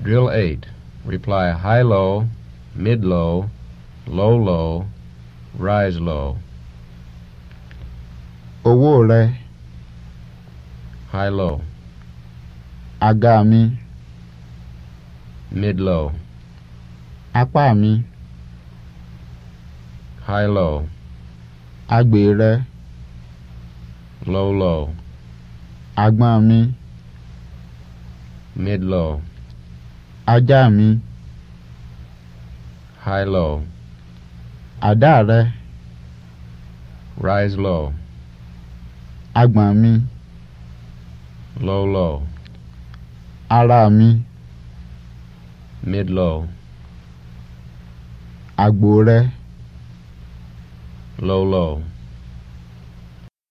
Drill 8. Reply high low, mid low, low low, rise low. Owó High low. Agami. Mid low. Apami. High low. Agbere. Low low. Agbọ̀n mi. Mid low. ajá mi. high low. àdá rẹ. rise low. agbọ̀n mi. low low. ara mi. mid low. àgbò rẹ. low low.